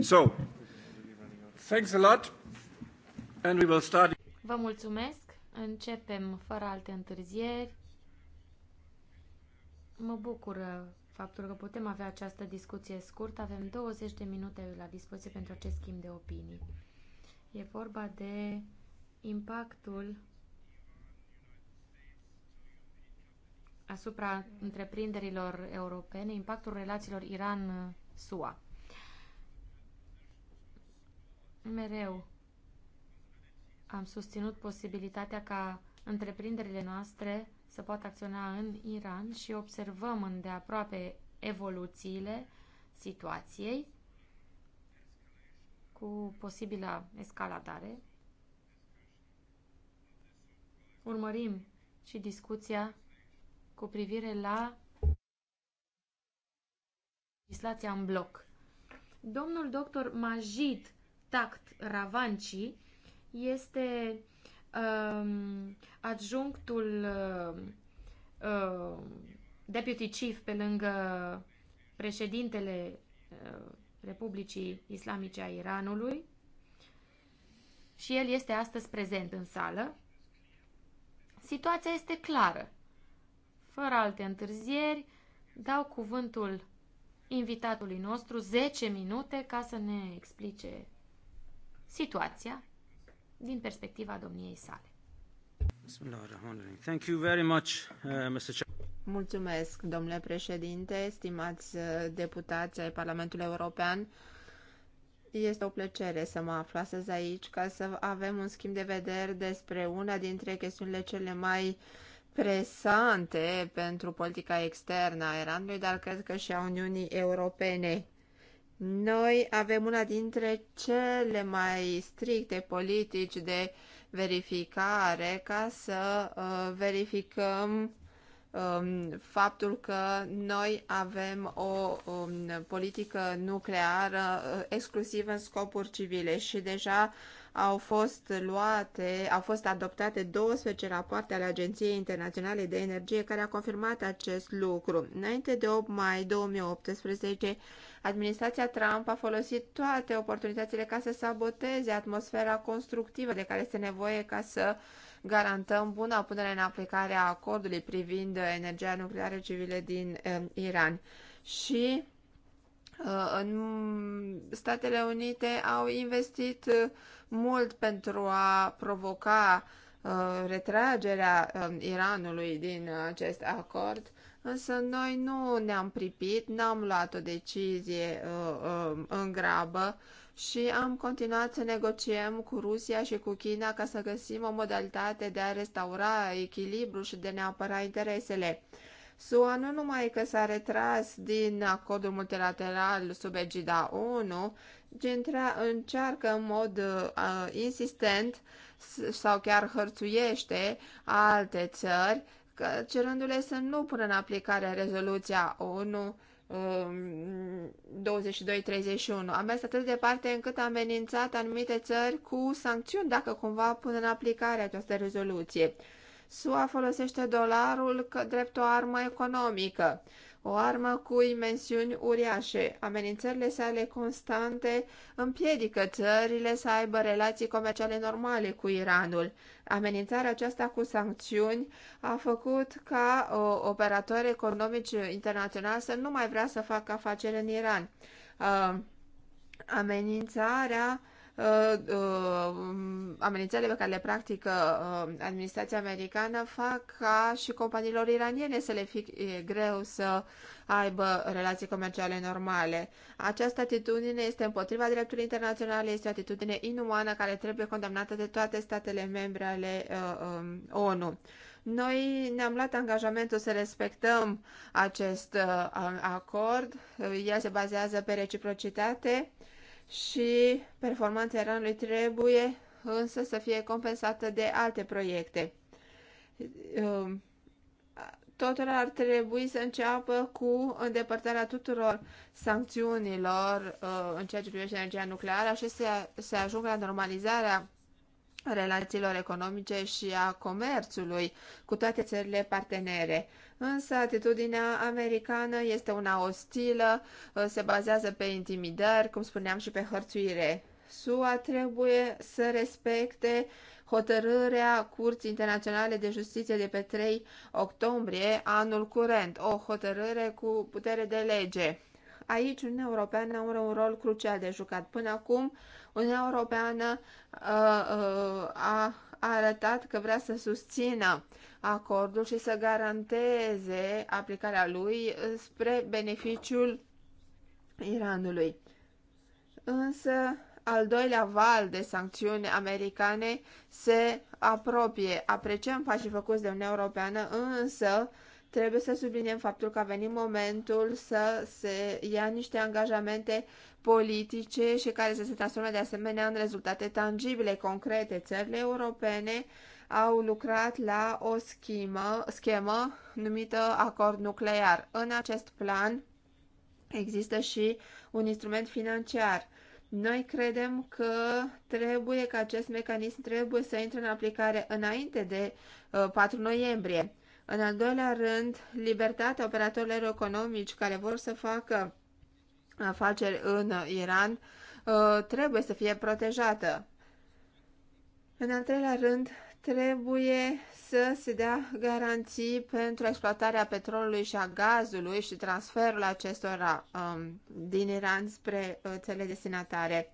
So, thanks a lot and we will start. Vă mulțumesc. Începem fără alte întârzieri. Mă bucură uh, faptul că putem avea această discuție scurtă. Avem 20 de minute la dispoziție pentru acest schimb de opinii. E vorba de impactul asupra întreprinderilor europene, impactul relațiilor Iran-SUA. Mereu am susținut posibilitatea ca întreprinderile noastre să poată acționa în Iran și observăm îndeaproape evoluțiile situației cu posibilă escaladare. Urmărim și discuția cu privire la legislația în bloc. Domnul doctor Majid Tact Ravanci este um, adjunctul uh, deputy chief pe lângă președintele uh, Republicii Islamice a Iranului și el este astăzi prezent în sală. Situația este clară. Fără alte întârzieri, dau cuvântul invitatului nostru 10 minute ca să ne explice situația din perspectiva domniei sale. Thank you very much, uh, Mr. Mulțumesc, domnule președinte, stimați uh, deputați ai Parlamentului European. Este o plăcere să mă aflu astăzi aici ca să avem un schimb de vedere despre una dintre chestiunile cele mai presante pentru politica externă a Iranului, dar cred că și a Uniunii Europene. Noi avem una dintre cele mai stricte politici de verificare ca să uh, verificăm um, faptul că noi avem o um, politică nucleară uh, exclusiv în scopuri civile și deja uh, au fost luate, au fost adoptate 12 rapoarte ale Agenției Internaționale de Energie care a confirmat acest lucru. Înainte de 8 mai 2018, administrația Trump a folosit toate oportunitățile ca să saboteze atmosfera constructivă de care este nevoie ca să garantăm buna punere în aplicare a acordului privind energia nucleară civilă din eh, Iran. Și Uh, în Statele Unite au investit uh, mult pentru a provoca uh, retragerea um, Iranului din acest acord, însă noi nu ne-am pripit, n-am luat o decizie um, în grabă și am continuat să negociem cu Rusia și cu China ca să găsim o modalitate de a restaura echilibru și de a ne apăra interesele. SUA nu numai că s-a retras din acordul multilateral sub egida ONU, ci încearcă în mod uh, insistent sau chiar hărțuiește alte țări, cerându-le să nu pună în aplicare rezoluția ONU 22-31. Um, Am mers atât de departe încât a amenințat anumite țări cu sancțiuni dacă cumva pun în aplicare această rezoluție. SUA folosește dolarul ca drept o armă economică, o armă cu imensiuni uriașe. Amenințările sale constante împiedică țările să aibă relații comerciale normale cu Iranul. Amenințarea aceasta cu sancțiuni a făcut ca o, uh, operatori economici internaționali să nu mai vrea să facă afaceri în Iran. Uh, amenințarea uh, Uh, uh, amenințările pe care le practică uh, administrația americană fac ca și companiilor iraniene să le fie greu să aibă relații comerciale normale. Această atitudine este împotriva dreptului internațional, este o atitudine inumană care trebuie condamnată de toate statele membre ale uh, um, ONU. Noi ne-am luat angajamentul să respectăm acest uh, acord. El se bazează pe reciprocitate și performanța Iranului trebuie însă să fie compensată de alte proiecte. Um, totul ar trebui să înceapă cu îndepărtarea tuturor sancțiunilor uh, în ceea ce privește energia nucleară și să se ajungă la normalizarea relațiilor economice și a comerțului cu toate țările partenere. Însă atitudinea americană este una ostilă, ă, se bazează pe intimidări, cum spuneam și pe hărțuire. SUA trebuie să respecte hotărârea Curții Internaționale de Justiție de pe 3 octombrie anul curent, o hotărâre cu putere de lege. Aici Uniunea Europeană are un rol crucial de jucat. Până acum, Uniunea Europeană a, ă, a, ă, a arătat că vrea să susțină acordul și să garanteze aplicarea lui spre beneficiul Iranului. Însă, al doilea val de sancțiuni americane se apropie. Apreciem pașii făcuți de Uniunea Europeană, însă trebuie să subliniem faptul că a venit momentul să se ia niște angajamente politice și care să se transforme de asemenea în rezultate tangibile, concrete. Țările europene au lucrat la o schemă, schemă numită acord nuclear. În acest plan există și un instrument financiar. Noi credem că trebuie că acest mecanism trebuie să intre în aplicare înainte de 4 uh, noiembrie. În al doilea rând, libertatea operatorilor economici care vor să facă afaceri în Iran uh, trebuie să fie protejată. În al treilea rând, Trebuie să se dea garanții pentru exploatarea petrolului și a gazului și transferul acestora um, din Iran spre uh, țele destinatare.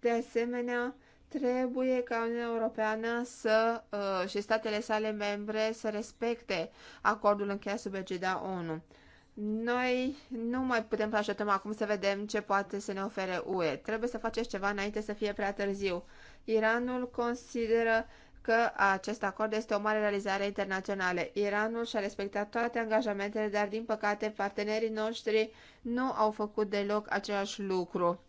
De asemenea, trebuie ca Uniunea Europeană să, uh, și statele sale membre să respecte acordul încheiat sub egida ONU. Noi nu mai putem să așteptăm acum să vedem ce poate să ne ofere UE. Trebuie să faceți ceva înainte să fie prea târziu. Iranul consideră că acest acord este o mare realizare internațională. Iranul și-a respectat toate angajamentele, dar din păcate partenerii noștri nu au făcut deloc același lucru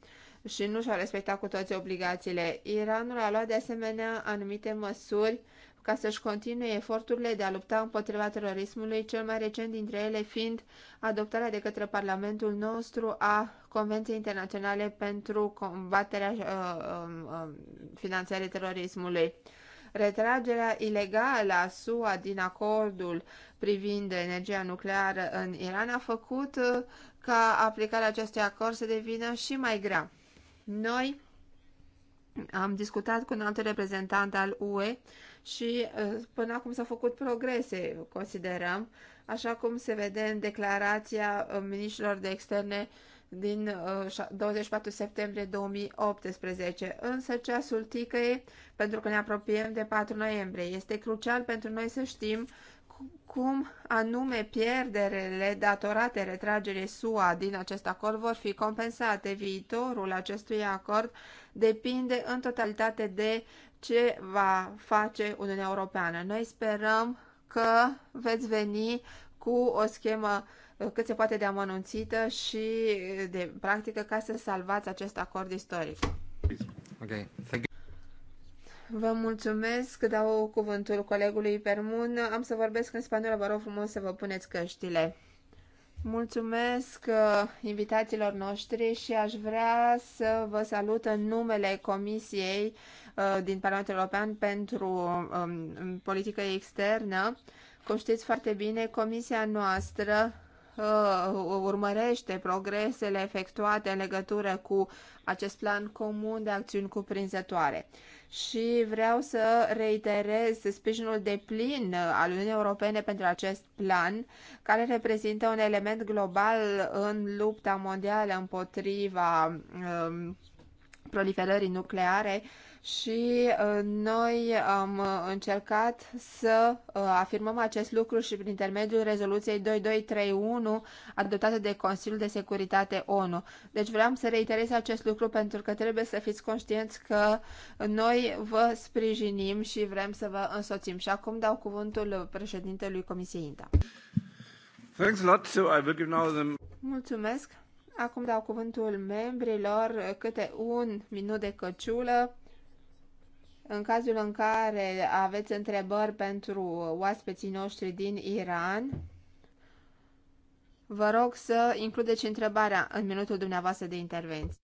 și nu și-au respectat cu toți obligațiile. Iranul a luat de asemenea anumite măsuri ca să-și continue eforturile de a lupta împotriva terorismului, cel mai recent dintre ele fiind adoptarea de către Parlamentul nostru a Convenției Internaționale pentru combaterea uh, uh, finanțării terorismului. Retragerea ilegală a SUA din acordul privind energia nucleară în Iran a făcut uh, ca aplicarea acestui acord să devină și mai grea. Noi am discutat cu un alt reprezentant al UE și uh, până acum s-au făcut progrese, considerăm, așa cum se vede în declarația uh, ministrilor de externe din 24 uh, septembrie 2018, însă ceasul ticăie pentru că ne apropiem de 4 noiembrie. Este crucial pentru noi să știm cum anume pierderele datorate retragerii SUA din acest acord vor fi compensate. Viitorul acestui acord depinde în totalitate de ce va face Uniunea Europeană. Noi sperăm că veți veni cu o schemă cât se poate de amănunțită și de practică ca să salvați acest acord istoric. Okay. Thank you. Vă mulțumesc, dau cuvântul colegului Permun. Am să vorbesc în spaniolă, vă rog frumos să vă puneți căștile. Mulțumesc uh, invitațiilor noștri și aș vrea să vă salut în numele Comisiei uh, din Parlamentul European pentru um, politică externă. Cum știți foarte bine, Comisia noastră Uh, urmărește progresele efectuate în legătură cu acest plan comun de acțiuni cuprinzătoare. Și vreau să reiterez sprijinul de plin al Uniunii Europene pentru acest plan, care reprezintă un element global în lupta mondială împotriva uh, proliferării nucleare, uh, și uh, noi am uh, încercat să uh, afirmăm acest lucru și prin intermediul rezoluției 2231 adoptată de Consiliul de Securitate ONU. Deci vreau să reiterez acest lucru pentru că trebuie să fiți conștienți că noi vă sprijinim și vrem să vă însoțim. Și acum dau cuvântul președintelui Comisiei INTA. Thanks a lot. So I will give now them... Mulțumesc. Acum dau cuvântul membrilor câte un minut de căciulă în cazul în care aveți întrebări pentru oaspeții noștri din Iran, vă rog să includeți întrebarea în minutul dumneavoastră de intervenție.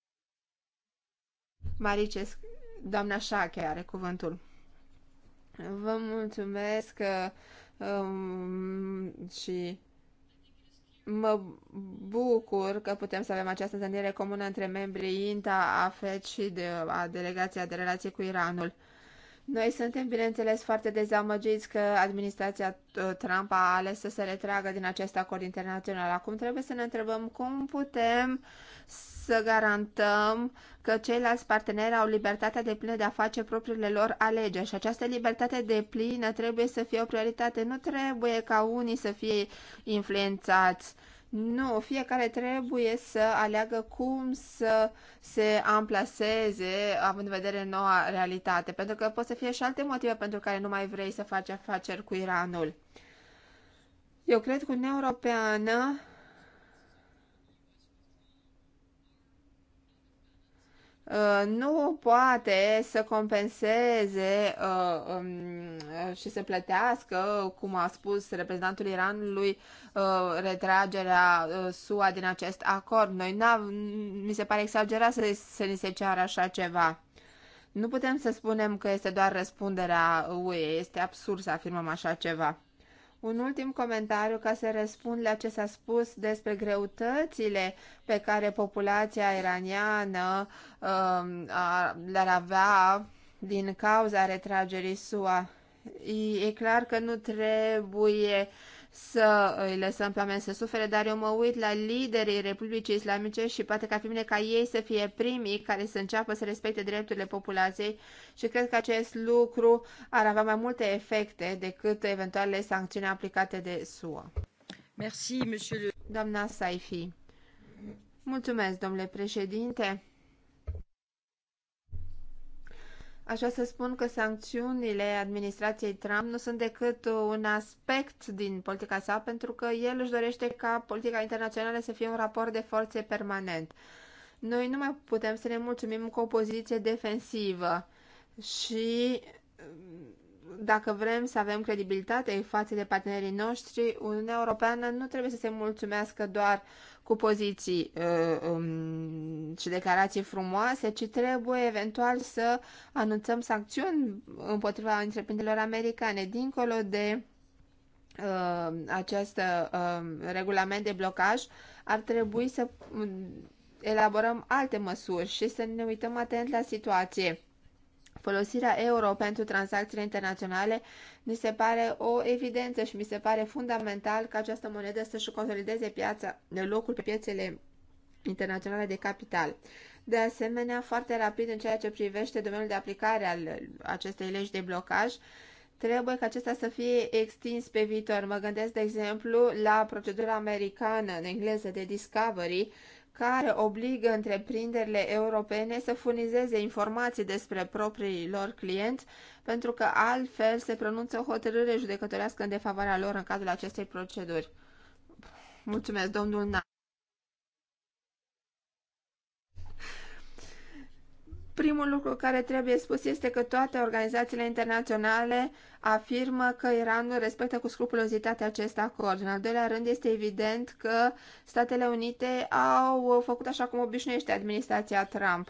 Maricesc, doamna Șache are cuvântul. Vă mulțumesc um, și mă bucur că putem să avem această întâlnire comună între membrii INTA, AFET și de, a Delegația de Relație cu Iranul. Noi suntem, bineînțeles, foarte dezamăgiți că administrația uh, Trump a ales să se retragă din acest acord internațional. Acum trebuie să ne întrebăm cum putem să garantăm că ceilalți parteneri au libertatea de plină de a face propriile lor alegeri și această libertate de plină trebuie să fie o prioritate. Nu trebuie ca unii să fie influențați uh, nu, fiecare trebuie să aleagă cum să se amplaseze, având în vedere noua realitate, pentru că pot să fie și alte motive pentru care nu mai vrei să faci afaceri cu Iranul. Eu cred că Uniunea Europeană Uh, nu poate să compenseze uh, um, uh, și să plătească, cum a spus reprezentantul Iranului, uh, retragerea uh, SUA din acest acord. Noi mi se pare exagerat să, să ni se ceară așa ceva. Nu putem să spunem că este doar răspunderea UE, este absurd să afirmăm așa ceva. Un ultim comentariu ca să răspund la ce s-a spus despre greutățile pe care populația iraniană uh, le-ar avea din cauza retragerii SUA. E, e clar că nu trebuie să îi lăsăm pe oameni să sufere, dar eu mă uit la liderii Republicii Islamice și poate că ar fi bine ca ei să fie primii care să înceapă să respecte drepturile populației și cred că acest lucru ar avea mai multe efecte decât eventualele sancțiuni aplicate de SUA. Merci, monsieur le... Doamna Saifi. Mulțumesc, domnule președinte. Aș vrea să spun că sancțiunile administrației Trump nu sunt decât un aspect din politica sa, pentru că el își dorește ca politica internațională să fie un raport de forțe permanent. Noi nu mai putem să ne mulțumim cu o poziție defensivă și dacă vrem să avem credibilitate față de partenerii noștri, Uniunea Europeană nu trebuie să se mulțumească doar cu poziții uh, um, și declarații frumoase, ci trebuie eventual să anunțăm sancțiuni împotriva întreprinderilor americane, dincolo de uh, acest uh, regulament de blocaj, ar trebui să um, elaborăm alte măsuri și să ne uităm atent la situație. Folosirea euro pentru tranzacțiile internaționale mi se pare o evidență și mi se pare fundamental ca această monedă să-și consolideze piața, locul pe piețele internaționale de capital. De asemenea, foarte rapid în ceea ce privește domeniul de aplicare al acestei legi de blocaj, trebuie ca acesta să fie extins pe viitor. Mă gândesc, de exemplu, la procedura americană în engleză de Discovery, care obligă întreprinderile europene să furnizeze informații despre proprii lor clienți, pentru că altfel se pronunță o hotărâre judecătorească în defavoarea lor în cadrul acestei proceduri. Mulțumesc, domnul Na. Primul lucru care trebuie spus este că toate organizațiile internaționale afirmă că Iranul respectă cu scrupulozitate acest acord. În al doilea rând, este evident că Statele Unite au făcut așa cum obișnuiește administrația Trump,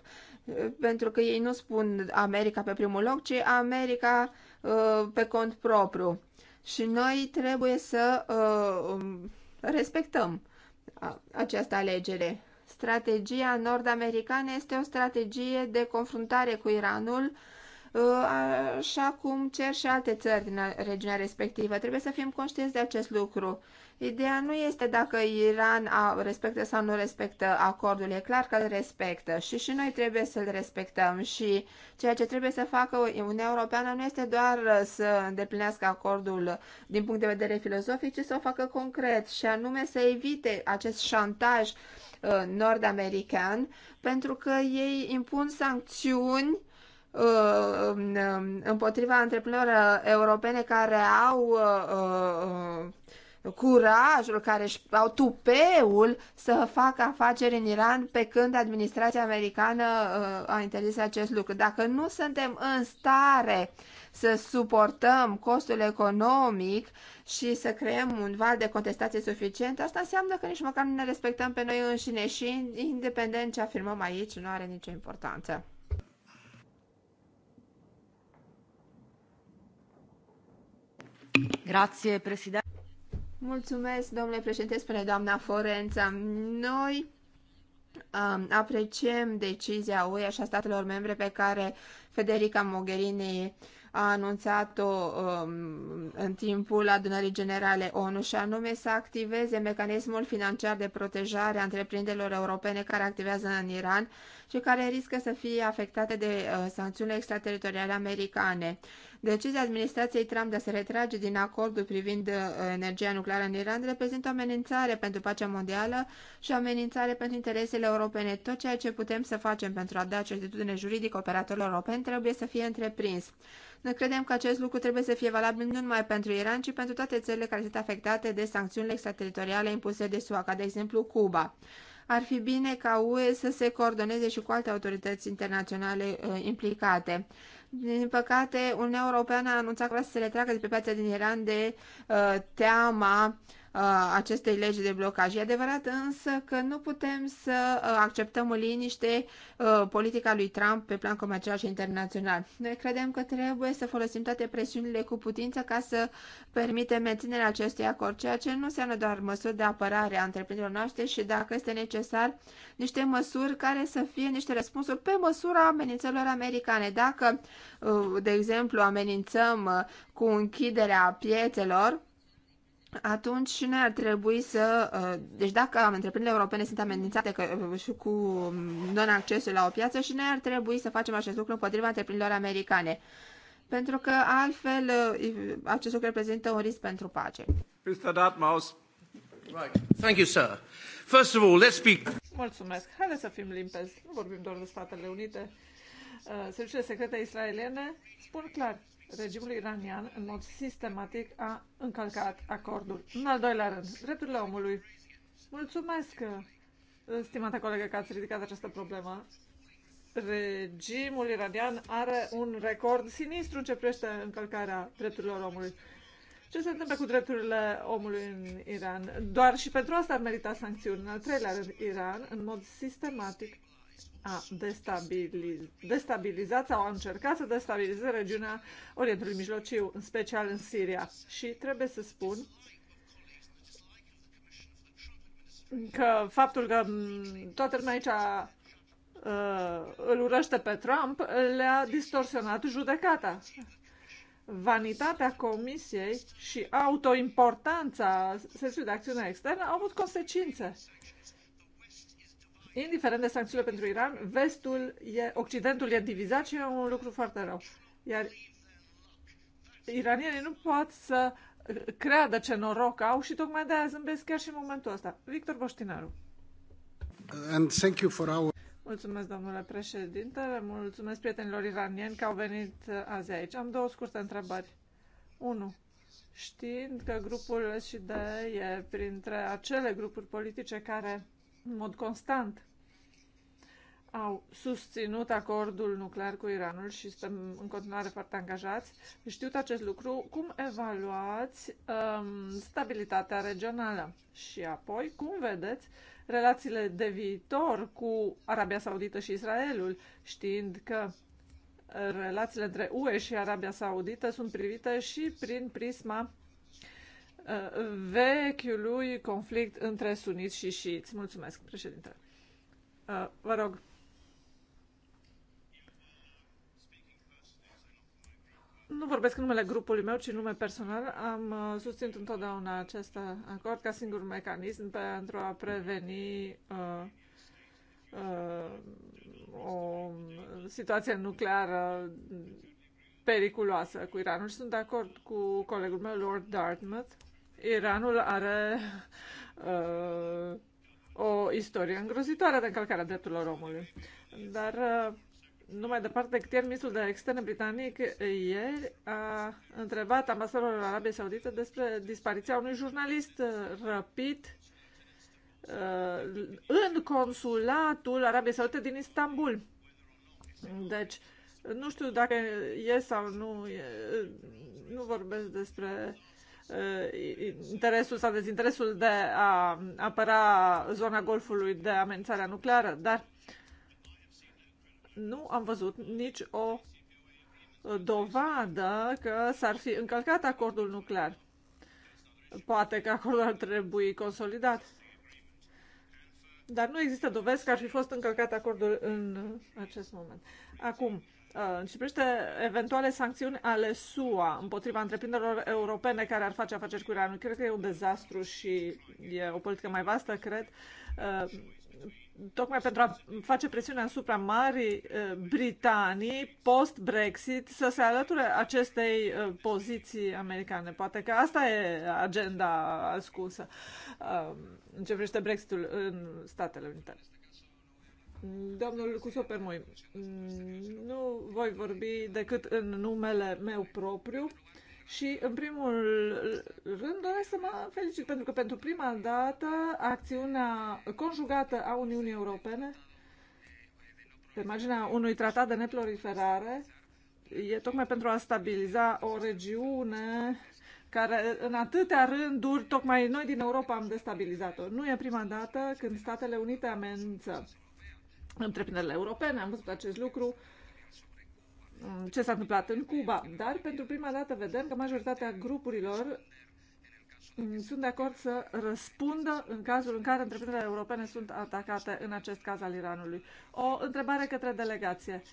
pentru că ei nu spun America pe primul loc, ci America uh, pe cont propriu. Și noi trebuie să uh, um, respectăm această alegere strategia nord-americană este o strategie de confruntare cu Iranul, uh, așa cum cer și alte țări din regiunea respectivă. Trebuie să fim conștienți de acest lucru. Ideea nu este dacă Iran respectă sau nu respectă acordul, e clar că îl respectă și și noi trebuie să-l respectăm și ceea ce trebuie să facă Uniunea Europeană nu este doar să îndeplinească acordul din punct de vedere filozofic, ci să o facă concret și anume să evite acest șantaj uh, nord-american pentru că ei impun sancțiuni uh, um, um, împotriva antreprenorilor europene care au uh, curajul, care au tupeul să facă afaceri în Iran pe când administrația americană uh, a interzis acest lucru. Dacă nu suntem în stare să suportăm costul economic și să creăm un val de contestație suficient, asta înseamnă că nici măcar nu ne respectăm pe noi înșine și independent ce afirmăm aici nu are nicio importanță. Grazie, președinte. Mulțumesc, domnule președinte, spune doamna Forența. Noi um, apreciem decizia UE și a statelor membre pe care Federica Mogherini a anunțat-o um, în timpul adunării generale ONU și anume să activeze mecanismul financiar de protejare a întreprinderilor europene care activează în Iran și care riscă să fie afectate de uh, sancțiunile extrateritoriale americane. Decizia administrației Trump de a se retrage din acordul privind uh, energia nucleară în Iran reprezintă o amenințare pentru pacea mondială și o amenințare pentru interesele europene. Tot ceea ce putem să facem pentru a da certitudine juridică operatorilor europeni trebuie să fie întreprins. Noi credem că acest lucru trebuie să fie valabil nu numai pentru Iran, ci pentru toate țările care sunt afectate de sancțiunile extrateritoriale impuse de SUA, ca de exemplu Cuba. Ar fi bine ca UE să se coordoneze și cu alte autorități internaționale uh, implicate. Din păcate, Uniunea Europeană a anunțat că vrea să se retragă de pe piața din Iran de uh, teama uh, acestei legi de blocaj. E adevărat însă că nu putem să acceptăm în liniște politica lui Trump pe plan comercial și internațional. Noi credem că trebuie să folosim toate presiunile cu putință ca să permitem menținerea acestui acord, ceea ce nu înseamnă doar măsuri de apărare a întreprinderilor noastre și, dacă este necesar, niște măsuri care să fie niște răspunsuri pe măsura amenințărilor americane. Dacă, de exemplu, amenințăm cu închiderea piețelor, atunci noi ar trebui să... Uh, deci dacă întreprinderile europene sunt amenințate că, uh, și cu um, non-accesul la o piață și noi ar trebui să facem acest lucru împotriva întreprinderilor americane. Pentru că altfel uh, acest lucru reprezintă un risc pentru pace. Mr. Dartmouth. Right. Thank you, sir. First of all, let's speak. Mulțumesc. Haideți să fim limpezi. Nu vorbim doar de Statele Unite. Uh, Serviciile secrete israeliene spun clar regimul iranian, în mod sistematic, a încălcat acordul. În al doilea rând, drepturile omului. Mulțumesc, stimată colegă, că ați ridicat această problemă. Regimul iranian are un record sinistru în ce privește încălcarea drepturilor omului. Ce se întâmplă cu drepturile omului în Iran? Doar și pentru asta ar merita sancțiuni. În al treilea rând, Iran, în mod sistematic, a destabiliz- destabilizat sau a încercat să destabilizeze regiunea Orientului Mijlociu, în special în Siria. Și trebuie să spun că faptul că mm, toată lumea aici a, uh, a, îl urăște pe Trump le-a distorsionat judecata. Vanitatea Comisiei și autoimportanța Serviciului de Acțiune Externă au avut consecințe indiferent de sancțiile pentru Iran, vestul e, Occidentul e divizat și e un lucru foarte rău. Iar iranienii nu pot să creadă ce noroc au și tocmai de aia zâmbesc chiar și în momentul ăsta. Victor Boștinaru. And thank you for our... Mulțumesc, domnule președinte, mulțumesc prietenilor iranieni că au venit uh, azi aici. Am două scurte întrebări. Unu, Știind că grupul SD e printre acele grupuri politice care în mod constant au susținut acordul nuclear cu Iranul și suntem în continuare foarte angajați. Știut acest lucru, cum evaluați um, stabilitatea regională? Și apoi, cum vedeți relațiile de viitor cu Arabia Saudită și Israelul, știind că uh, relațiile între UE și Arabia Saudită sunt privite și prin prisma vechiului conflict între suniți și șiiți. Mulțumesc, președinte. Uh, vă rog. Nu vorbesc în numele grupului meu, ci în nume personal. Am uh, susținut întotdeauna acest acord ca singur mecanism pentru a preveni uh, uh, o situație nucleară periculoasă cu Iranul și sunt de acord cu colegul meu, Lord Dartmouth, Iranul are uh, o istorie îngrozitoare de încălcarea drepturilor omului. Dar uh, numai departe decât ieri, ministrul de externe britanic uh, ieri a întrebat ambasadorul Arabiei Saudite despre dispariția unui jurnalist uh, răpit uh, în consulatul Arabiei Saudite din Istanbul. Deci, nu știu dacă e sau nu, e, nu vorbesc despre Uh, interesul sau dezinteresul de a apăra zona Golfului de amenințarea nucleară, dar nu am văzut nici o dovadă că s-ar fi încălcat acordul nuclear. Poate că acordul ar trebui consolidat. Dar nu există dovezi că ar fi fost încălcat acordul în acest moment. Acum, și uh, ce privește eventuale sancțiuni ale SUA împotriva întreprinderilor europene care ar face afaceri cu Iranul, cred că e un dezastru și e o politică mai vastă, cred, uh, tocmai pentru a face presiune asupra Marii uh, Britanii post-Brexit să se alăture acestei poziții americane. Poate că asta e agenda ascunsă în ce privește Brexitul în Statele Unite. Domnul Moi, nu voi vorbi decât în numele meu propriu și, în primul rând, doresc să mă felicit pentru că, pentru prima dată, acțiunea conjugată a Uniunii Europene pe marginea unui tratat de neproliferare e tocmai pentru a stabiliza o regiune care în atâtea rânduri, tocmai noi din Europa am destabilizat-o. Nu e prima dată când Statele Unite amenință întreprinderile europene, am văzut acest lucru, mm, ce s-a întâmplat în Cuba, dar pentru prima dată vedem că majoritatea grupurilor mm, sunt de acord să răspundă în cazul în care întreprinderile europene sunt atacate, în acest caz al Iranului. O întrebare către delegație.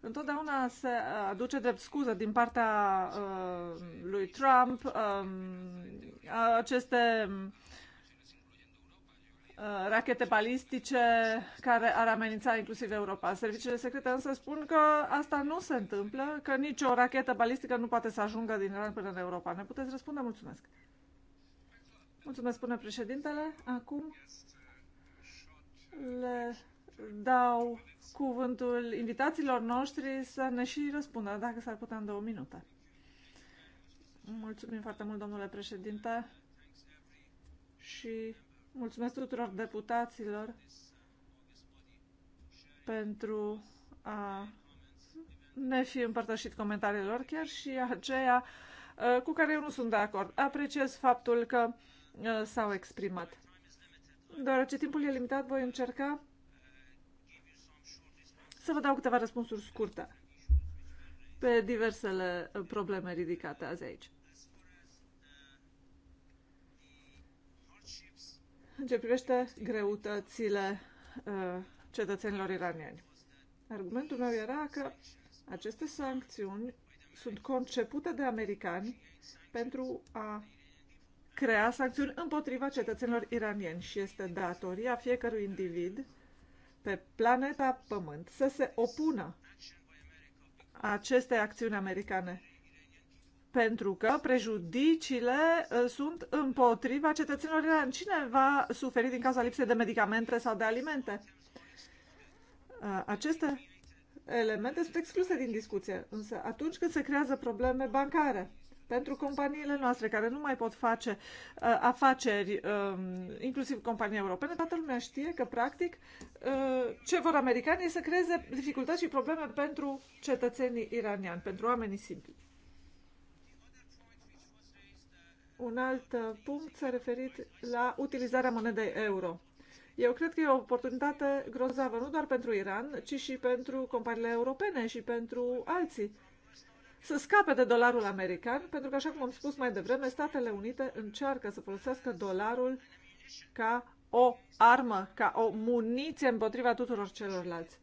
Întotdeauna se aduce drept scuză din partea uh, lui Trump uh, aceste Uh, rachete balistice care ar amenința inclusiv Europa. Serviciile secrete însă spun că asta nu se întâmplă, că nicio rachetă balistică nu poate să ajungă din Iran până în Europa. Ne puteți răspunde? Mulțumesc. Mulțumesc, spune președintele. Acum le dau cuvântul invitațiilor noștri să ne și răspundă, dacă s-ar putea în două minute. Mulțumim foarte mult, domnule președinte. Și Mulțumesc tuturor deputaților pentru a ne fi împărtășit comentariilor, chiar și aceea uh, cu care eu nu sunt de acord. Apreciez faptul că uh, s-au exprimat. Deoarece timpul e limitat, voi încerca să vă dau câteva răspunsuri scurte pe diversele uh, probleme ridicate azi aici. în ce privește greutățile uh, cetățenilor iranieni. Argumentul meu era că aceste sancțiuni sunt concepute de americani pentru a crea sancțiuni împotriva cetățenilor iranieni și este datoria fiecărui individ pe planeta Pământ să se opună acestei acțiuni americane pentru că prejudiciile uh, sunt împotriva cetățenilor iranieni. Cine va suferi din cauza lipsei de medicamente sau de alimente? Uh, aceste elemente sunt excluse din discuție, însă atunci când se creează probleme bancare pentru companiile noastre care nu mai pot face uh, afaceri, uh, inclusiv companii europene, toată lumea știe că, practic, uh, ce vor americanii să creeze dificultăți și probleme pentru cetățenii iraniani, pentru oamenii simpli. Un alt uh, punct s-a referit la utilizarea monedei euro. Eu cred că e o oportunitate grozavă, nu doar pentru Iran, ci și pentru companiile europene și pentru alții. Să scape de dolarul american, pentru că, așa cum am spus mai devreme, Statele Unite încearcă să folosească dolarul ca o armă, ca o muniție împotriva tuturor celorlalți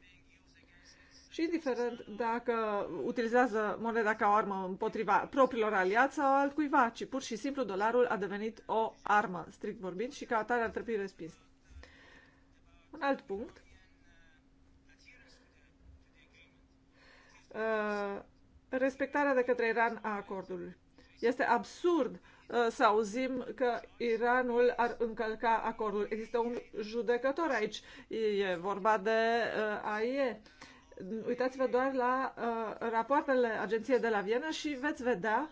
și indiferent dacă utilizează moneda ca o armă împotriva propriilor aliați sau altcuiva, ci pur și simplu dolarul a devenit o armă, strict vorbind, și ca atare ar trebui respins. Un alt punct. Uh, respectarea de către Iran a acordului. Este absurd uh, să auzim că Iranul ar încălca acordul. Există un judecător aici. E vorba de AIE. Uh, uitați-vă doar la uh, rapoartele agenției de la Viena și veți vedea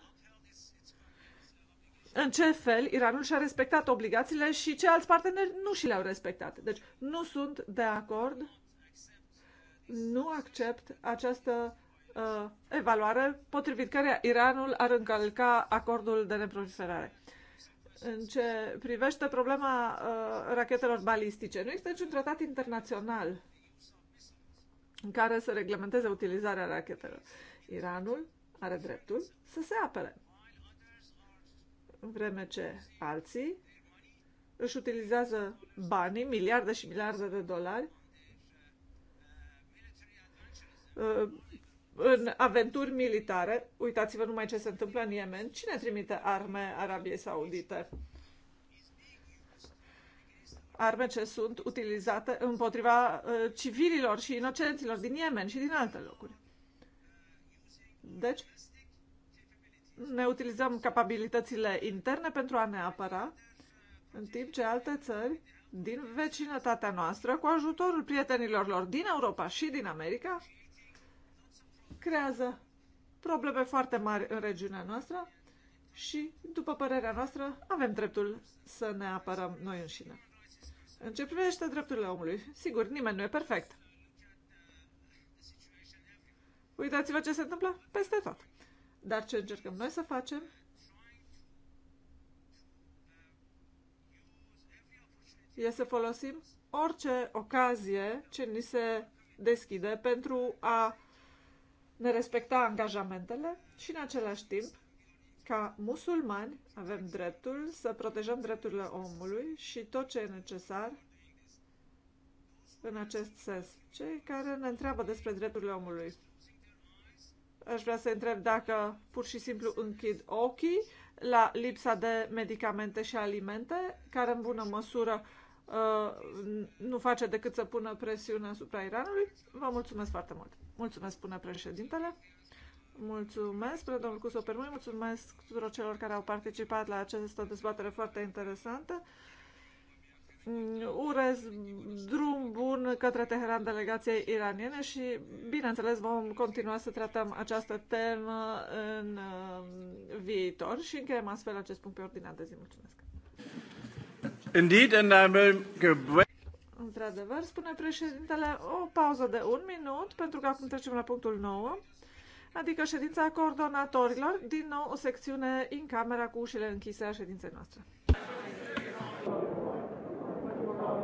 în ce fel Iranul și-a respectat obligațiile și ce alți parteneri nu și le-au respectat. Deci nu sunt de acord, nu accept această uh, evaluare potrivit căreia Iranul ar încălca acordul de neproliferare. În ce privește problema uh, rachetelor balistice, nu există niciun tratat internațional în care să reglementeze utilizarea rachetelor. Iranul are dreptul să se apere. În vreme ce alții își utilizează banii, miliarde și miliarde de dolari, uh, în aventuri militare. Uitați-vă numai ce se întâmplă în Yemen. Cine trimite arme Arabiei Saudite? arme ce sunt utilizate împotriva uh, civililor și inocenților din Yemen și din alte locuri. Deci, ne utilizăm capabilitățile interne pentru a ne apăra, în timp ce alte țări din vecinătatea noastră, cu ajutorul prietenilor lor din Europa și din America, creează probleme foarte mari în regiunea noastră și, după părerea noastră, avem dreptul să ne apărăm noi înșine. În ce privește drepturile omului, sigur, nimeni nu e perfect. Uitați-vă ce se întâmplă peste tot. Dar ce încercăm noi să facem e să folosim orice ocazie ce ni se deschide pentru a ne respecta angajamentele și în același timp ca musulmani avem dreptul să protejăm drepturile omului și tot ce e necesar în acest sens. Cei care ne întreabă despre drepturile omului. Aș vrea să întreb dacă pur și simplu închid ochii la lipsa de medicamente și alimente, care în bună măsură uh, nu face decât să pună presiune asupra Iranului. Vă mulțumesc foarte mult. Mulțumesc, spune președintele. Mulțumesc, domnul Cuso Permui, mulțumesc tuturor celor care au participat la această dezbatere foarte interesantă. Urez drum bun către Teheran delegației iraniene și, bineînțeles, vom continua să tratăm această temă în uh, viitor și încheiem astfel acest punct pe ordinea de zi. Mulțumesc! Într-adevăr, spune președintele, o pauză de un minut, pentru că acum trecem la punctul 9 adică ședința coordonatorilor, din nou o secțiune în camera cu ușile închise a ședinței noastre.